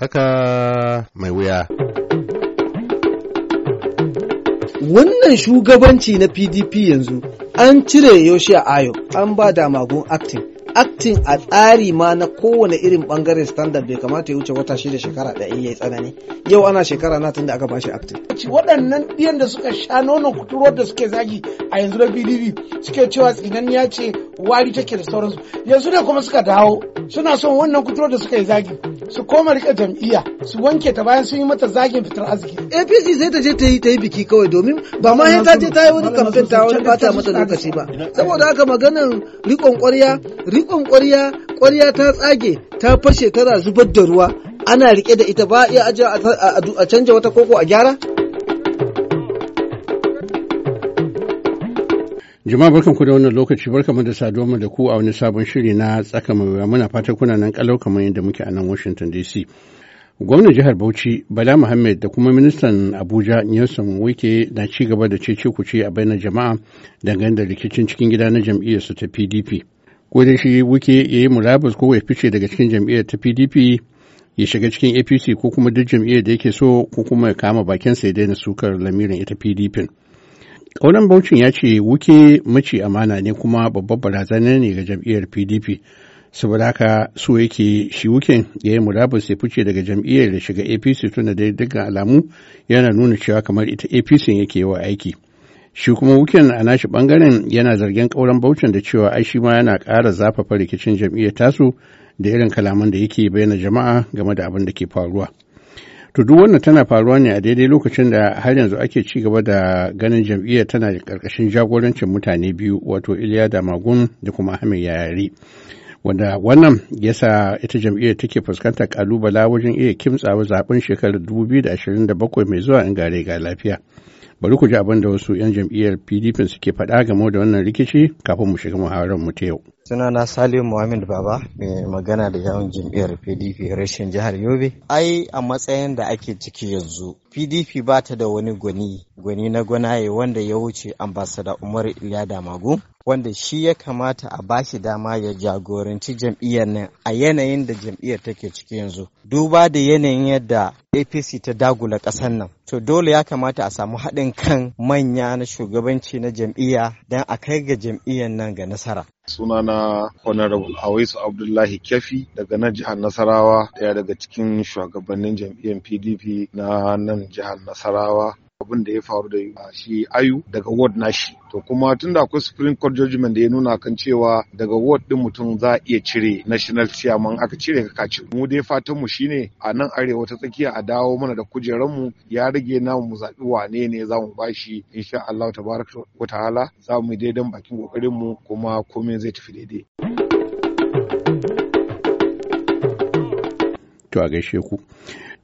Saka mai wuya. Wannan shugabanci na PDP yanzu an cire yaushe a ayo an ba damagun acting. acting a tsari ma na kowane irin bangaren standard bai kamata ya wuce wata shida shekara ɗaya ya yi tsanani yau ana shekara na tun da aka bashi acting. waɗannan ɗiyan da suka sha nono kuturwar da suke zagi a yanzu na pdp suke cewa tsinaniya ce wari take da sauransu yanzu ne kuma suka dawo suna son wannan kuturwar da suka yi zagi su koma rike jam'iyya su wanke ta bayan sun yi mata zagin fitar arziki apc sai ta je ta yi ta yi biki kawai domin ba ma sai ta je ta yi wani kamfen ta wani bata mata lokaci ba saboda haka maganar rikon kwarya rikon kwarya kwarya ta tsage ta fashe tana zubar da ruwa ana rike da ita ba a iya a canja wata koko a gyara Jama'a barkanku da wannan lokaci barkanmu da saduwa mu da ku a wani sabon shiri na tsaka mai muna fatan kuna nan kalau kamar yadda muke a nan Washington DC. Gwamnan jihar Bauchi Bala Muhammad da kuma ministan Abuja Nelson Wike na ci gaba da cece ce a bainar jama'a dangane da rikicin cikin gida na su ta PDP. Ko dai shi Wike ya yi murabus ko ya fice daga cikin jam'iyyar ta PDP ya shiga cikin APC ko kuma duk jam'iyyar da yake so ko kuma ya kama bakinsa ya daina sukar lamirin ita PDP. Ƙaunan Bauchin ya ce wuke mace amana ne kuma babbar barazana ne ga jam'iyyar PDP. saboda haka so yake shi wuken ya yi murabus ya fice daga jam'iyyar da shiga apc tun da dukkan alamu yana nuna cewa kamar ita apc yake wa aiki shi kuma wuken a nashi bangaren yana zargin ƙauren bauchin da cewa ai shi ma yana ƙara zafafa rikicin jam'iyyar tasu da irin kalaman da yake bayyana jama'a game da abin da ke faruwa To duk wannan tana faruwa ne a daidai lokacin da har yanzu ake ci gaba da ganin jam'iyyar tana da ƙarƙashin jagorancin mutane biyu wato Iliya da Magun da kuma Ahmed Yayari. Wanda wannan yasa ita jam'iyyar take fuskantar kalubala wajen iya kimtsawa zaben shekarar 2027 mai zuwa in gare ga lafiya. bari ku ji abin da wasu 'yan jam'iyyar pdp suke faɗa game da wannan rikici kafin mu shiga muhawarar mu ta yau na salim muhammad baba mai magana da yawon jam'iyyar pdp rashin jihar yobe ai a matsayin da ake ciki yanzu pdp ba ta da wani gwani gwani na gwanaye wanda ya wuce ambasada umar iliya damagu wanda shi ya kamata a bashi dama ya jagoranci jam'iyyar nan a yanayin da jam'iyyar take ciki yanzu duba da yanayin yadda apc ta dagula ƙasar nan to dole ya kamata a samu haɗin kan manya na shugabanci na jam'iyya don a kai ga jam'iyyar nan ga nasara sunana honorable awaisu abdullahi kefi daga nan jihar nasarawa daya daga cikin shugabannin jam'iyyar pdp na nan jihar nasarawa abin da ya faru da ah, shi ayu daga ward nashi to kuma tunda akwai supreme court judgment da ya nuna kan cewa daga ward din mutum za a iya cire national chairman aka cire ka kaci mu dai fatan mu shine a nan arewa ta tsakiya a dawo mana da kujeran mu ya rage na mu zabi wane ne za mu bashi insha Allah tabaraka wa ta'ala za mu daidan bakin kokarin mu kuma komai zai tafi daidai to a gaishe ku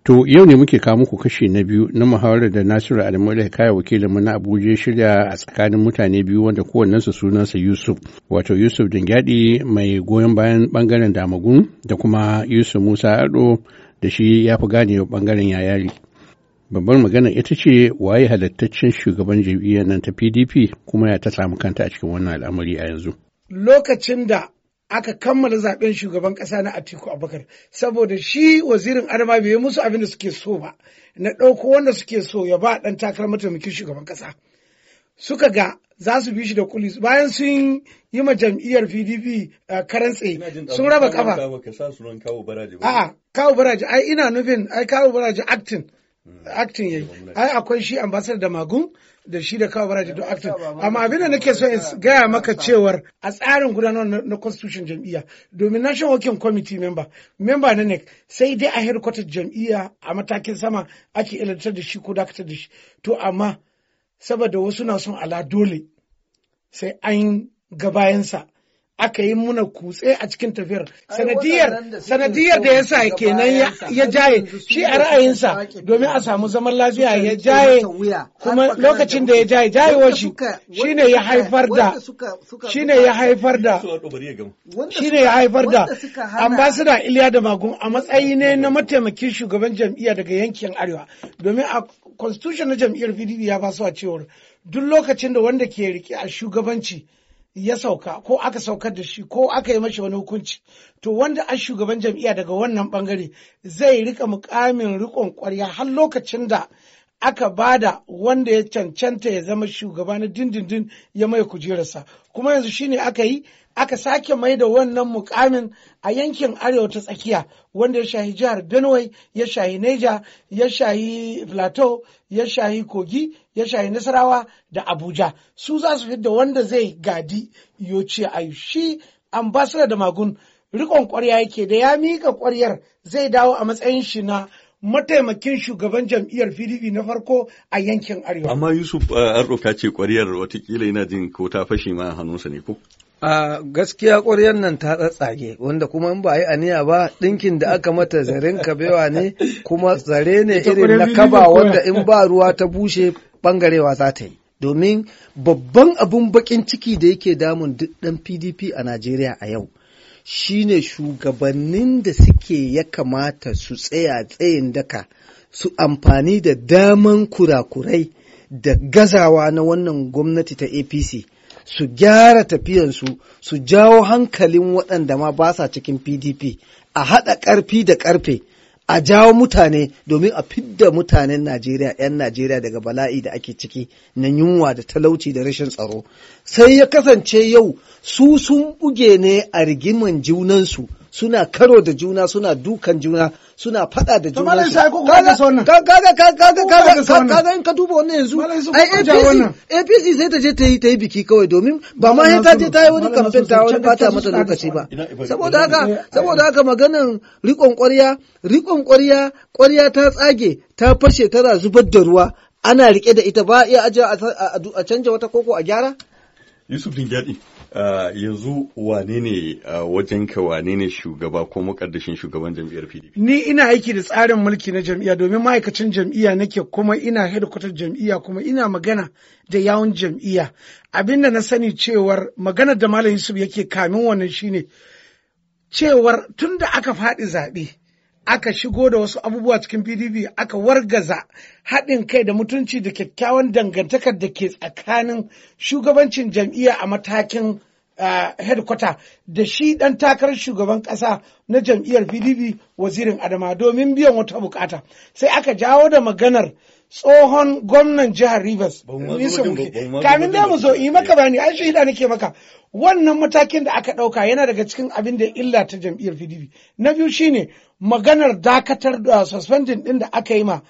To yau ne muke kawo muku kashi na biyu na muhawarar da Nasiru Almulai kaya wakilin mu na Abuja shirya a tsakanin mutane biyu wanda kowannensu sunansa Yusuf. Wato Yusuf Dingyadi mai goyon bayan bangaren Damagun da kuma Yusuf Musa Ado da shi ya fi gane bangaren Yayari. Babbar magana ita ce waye halittaccen shugaban jam'iyyar nan ta PDP kuma ya ta samu kanta a cikin wannan al'amari a yanzu. Lokacin da aka kammala zaben shugaban kasa na Atiku Abubakar saboda shi wazirin Adama bai yi musu abin da suke so ba na ɗauko wanda suke so ya ba ɗan takarar mataimakin shugaban kasa suka ga za su bi shi da kulis bayan sun yi ma jam'iyyar PDP uh, karantsi sun raba kafa a'a kawo baraji ai ina nufin ai kawo baraji acting acting yayi ai akwai shi ambassador da magun da shi da kawo baraji don acting amma abin da nake so in gaya maka cewar a tsarin gudanar na constitution jam'iyya domin national working committee member member na nec sai dai a headquarter jam'iyya a matakin sama ake ilantar da shi ko dakatar da shi to amma saboda wasu na son ala dole sai an ga bayansa aka yi muna kutse a cikin tafiyar sanadiyar sanadiyar da yasa kenan ya jaye shi a ra'ayinsa domin a samu zaman lafiya ya jaye kuma lokacin da ya jaye jayewar shi shine ya haifar da shine ya haifar da shine ya haifar da Iliya da Magun a matsayi ne na mataimakin shugaban jam'iyya daga yankin Arewa domin a constitution na jam'iyyar PDP ya ba su a cewar duk lokacin da wanda ke rike a shugabanci ya sauka ko aka saukar da shi ko aka yi mashi wani hukunci to wanda an shugaban jam'iyya daga wannan bangare zai rika mukamin rikon kwarya har lokacin da aka bada wanda ya cancanta ya zama shugaba na dindindin ya mai kujerarsa kuma yanzu shine aka yi aka sake mai da wannan mukamin a yankin arewa ta tsakiya wanda ya shahi jihar benue ya shahi neja ya shahi plateau ya shahi kogi ya shahi nasarawa da abuja su za su da wanda zai gadi yoce ayu shi ambasada da magun rikon kwarya yake da ya mika kwaryar zai dawo a matsayin shi na mataimakin shugaban jam'iyyar PDP na farko a yankin Arewa. Amma Yusuf uh, Ardo ce ƙwariyar watakila yana jin ko ta fashe ma hannunsa ne ko? A gaskiya ƙwaryar nan ta tsatsage wanda kuma in ba a yi aniya ba ɗinkin da aka mata zaren kabewa ne kuma zare ne irin na kaba wanda in ba ruwa ta bushe ɓangarewa za ta yi. Domin babban abun baƙin ciki da yake damun duk ɗan PDP a Najeriya a yau shine shugabannin da suke ya kamata su tsaya tsayin daka su amfani da daman kurakurai da gazawa na wannan gwamnati ta apc su gyara tafiyansu su jawo hankalin waɗanda ma ba sa cikin pdp a haɗa ƙarfi da ƙarfe a jawo mutane domin a fidda mutanen Najeriya 'yan Najeriya daga bala'i da ake ciki na yunwa da talauci da rashin tsaro sai ya kasance yau su sun buge ne a rigiman junansu suna karo da juna suna dukan juna suna faɗa da juna kaga kaga kaga kaga in ka duba wannan yanzu ai APC APC sai ta je ta yi ta yi biki kawai domin ba ma ta je ta yi wani kamfen ta wani ta mata lokaci ba saboda haka saboda haka maganan riƙon ƙwarya riƙon ƙwarya ƙwarya ta tsage ta fashe tana zubar da ruwa ana riƙe da ita ba iya ajiye a canja wata koko a gyara Yusuf Dingyadi. Uh, yanzu wane ne uh, wajen ka wane ne shugaba ko mukaddashin shugaban jam'iyyar PDP? Ni ina aiki da tsarin mulki na jam'iyya domin ma'aikacin jam'iyya nake kuma ina hedkwatar jam'iyya kuma ina magana da yawun jam'iyya. Abin da na sani cewar maganar da Malam Yusuf yake kamin wannan shine cewar tunda aka faɗi zaɓe aka shigo da wasu abubuwa cikin pdp aka wargaza haɗin kai da mutunci da kyakkyawan dangantakar da ke tsakanin shugabancin jam'iyya a matakin headquarter da shi ɗan takarar shugaban ƙasa na jam'iyyar pdp wazirin adama domin biyan wata bukata sai aka jawo da maganar tsohon gwamnan jihar rivers kamin da mu zo yi maka bani an shahida nake maka wannan matakin da aka ɗauka yana daga cikin abin da illa ta jam'iyyar pdp na biyu shine maganar dakatar da suspending ɗin da aka yi ma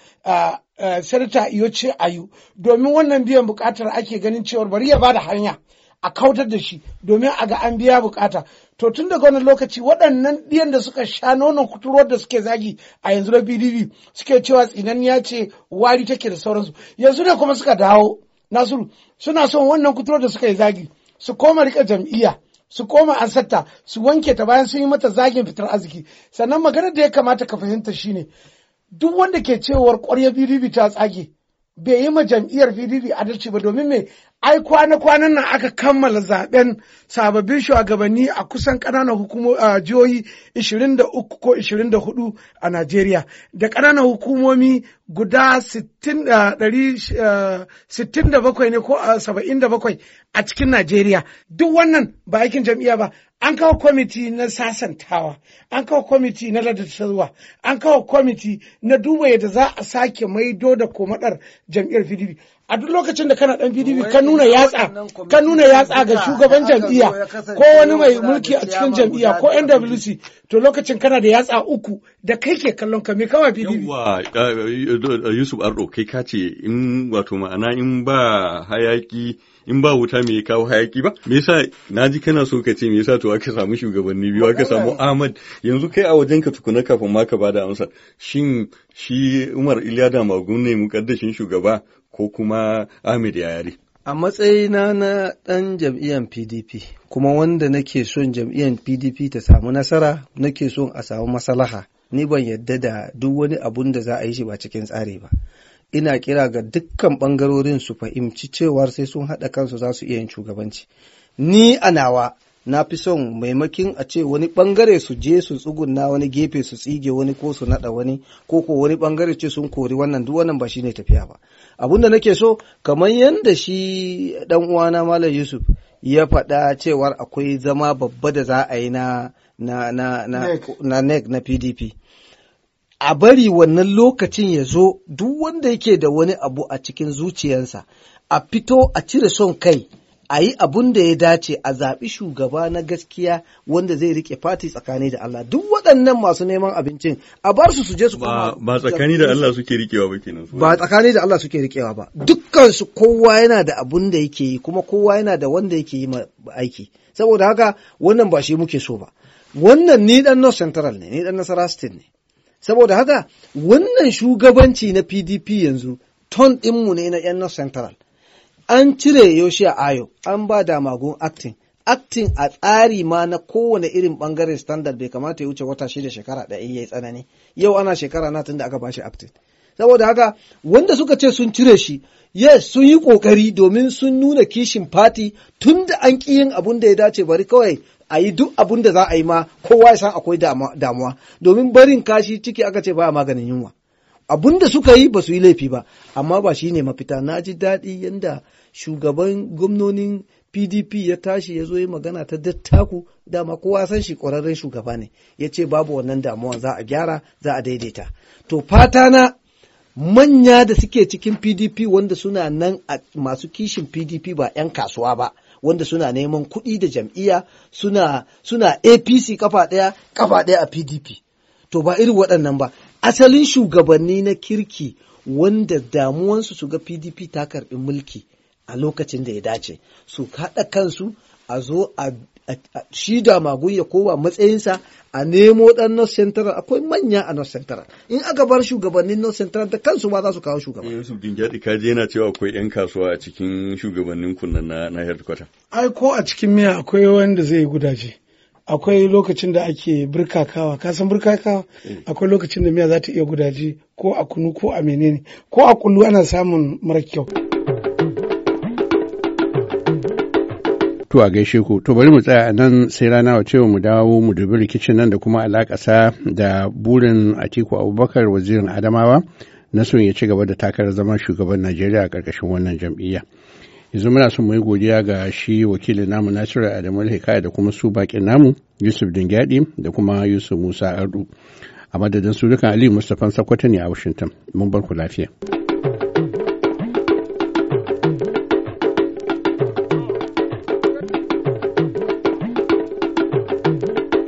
sarita iyo ayu domin wannan biyan bukatar ake ganin cewar bari ya bada hanya a kautar da shi domin a ga an biya bukata to tun daga wani lokaci waɗannan ɗiyan da suka sha nonon kuturuwar da suke zagi a yanzu na bdb suke cewa tsinanniya ce wari take da sauransu yanzu ne kuma suka dawo nasiru suna son wannan kuturuwar da suka yi zagi su koma rika jam'iyya su koma ansarta su wanke ta bayan sun yi mata zagin fitar arziki sannan maganar da ya kamata ka fahimta shine duk wanda ke cewar ƙwarya bidib ta tsage bai yi ma jam'iyyar pdp adalci ba domin me ai kwana-kwanan nan aka kammala zaben sababbin shugabanni a kusan ƙananan hukumomi jihohi 23 ko 24 a Najeriya da ƙananan hukumomi guda 67 ne ko 77 a cikin Najeriya duk wannan ba aikin jam'iyya ba an kawo kwamiti na sasantawa an kawo kwamiti na ladatarwa an kawo kwamiti na duba yadda za a sake maido da komadar jam'iyyar pdp a duk lokacin da kana dan PDP ka nuna yatsa ka nuna yatsa ga shugaban jam'iyya ko wani mai mulki a cikin jam'iyya ko NWC to lokacin kana da yatsa uku da kai ke kallon ka me kawai PDP uh, uh, Yusuf Ardo kai ka ce in wato ma'ana in ba hayaki in ba wuta me kawo hayaki ba me yasa naji kana so ka ce me yasa to aka samu shugabanni biyu aka samu Ahmad yanzu kai a wajen ka tukuna kafin ma ka bada amsa shin shi Umar Iliya Magun ne mukaddashin shugaba ko kuma Ahmed Yayari. A matsayina na ɗan jam'iyyar PDP kuma wanda nake son jam'iyyar PDP ta samu nasara nake son a samu masalaha ni ban yadda da duk wani abun da za a yi shi ba cikin tsari ba. Ina kira ga dukkan ɓangarorin su fahimci cewar sai sun haɗa kansu za su iya yin shugabanci. Ni a nawa na fi son maimakin a ce wani bangare su je su tsuguna wani gefe su tsige wani ko su nada wani ko ko wani bangare ce sun kori wannan duk wannan ba shi ne tafiya ba abun da nake so kamar yadda shi dan uwana malam yusuf ya faɗa cewar akwai zama babba da za a yi na na na na e na e na PDP a bari wannan lokacin ya zo duk wanda yake da wani abu a cikin zuciyarsa a fito a cire son kai a yi abun da ya dace a zaɓi shugaba na gaskiya wanda zai rike fati tsakani da Allah duk waɗannan masu neman abincin a bar su su je su ba ba tsakani da Allah suke rikewa ba kenan ba tsakani da Allah suke rikewa ba dukkan su kowa yana da abun da yake yi kuma kowa yana da wanda yake yi aiki saboda haka wannan ba shi muke so ba wannan ni dan North Central ne ni dan Nasara State ne saboda haka wannan shugabanci na PDP yanzu ton ɗinmu ne na 'yan North Central an cire yaushe a ayo an ba da magun acting acting a tsari ma na kowane irin bangare standard bai kamata ya wuce wata shida shekara ɗaya ya yi tsanani yau ana shekara na tunda aka bashi acting saboda haka wanda suka ce sun cire shi yes sun yi kokari domin sun nuna kishin fati tunda an ƙi yin abun da ya dace bari kawai a yi duk abun da za a yi ma kowa ya san akwai damuwa domin barin kashi ciki aka ce baya maganin yunwa abun da suka yi ba su yi laifi ba amma ba shi ne mafita na ji daɗi yadda shugaban gwamnonin pdp ya tashi ya zo yi magana ta dattaku dama kowa san shi ƙwararren shugaba ne ya ce babu wannan damuwa za a gyara za a daidaita to fata na manya da suke cikin pdp wanda suna nan a masu kishin pdp ba 'yan kasuwa ba wanda suna neman kuɗi da jam'iyya suna suna apc kafa ɗaya kafa ɗaya a pdp to ba irin waɗannan ba asalin shugabanni na kirki wanda damuwansu su ga pdp ta karbi mulki a lokacin da ya dace su haɗa kansu a zo a shi da ya kowa matsayinsa a nemo dan north central akwai manya a north central in aka bar shugabannin north central da kansu ba za su kawo shugaban eh, yusuf ka je yana cewa akwai yan kasuwa a cikin shugabannin kunna na na headquarter ai ko a cikin miya akwai wanda zai yi gudaje akwai lokacin da ake birkakawa kasan birkakawa mm. akwai lokacin da miya za ta iya gudaji ko a kunu ko a menene ko a kullu ana samun mara kyau to a gaishe ku to bari mu tsaya a nan sai rana wa cewa mu dawo mu dubi rikicin nan da kuma alakasa da burin atiku abubakar wazirin adamawa na son ya ci gaba da takarar zama shugaban najeriya a ƙarƙashin wannan jam'iyya yanzu muna son mu yi godiya ga shi wakilin namu nasiru adamu hikaya da kuma su bakin namu yusuf dingyadi da kuma yusuf musa ardu a madadin su dukan aliyu mustapha sakwata ne a washington mun bar ku lafiya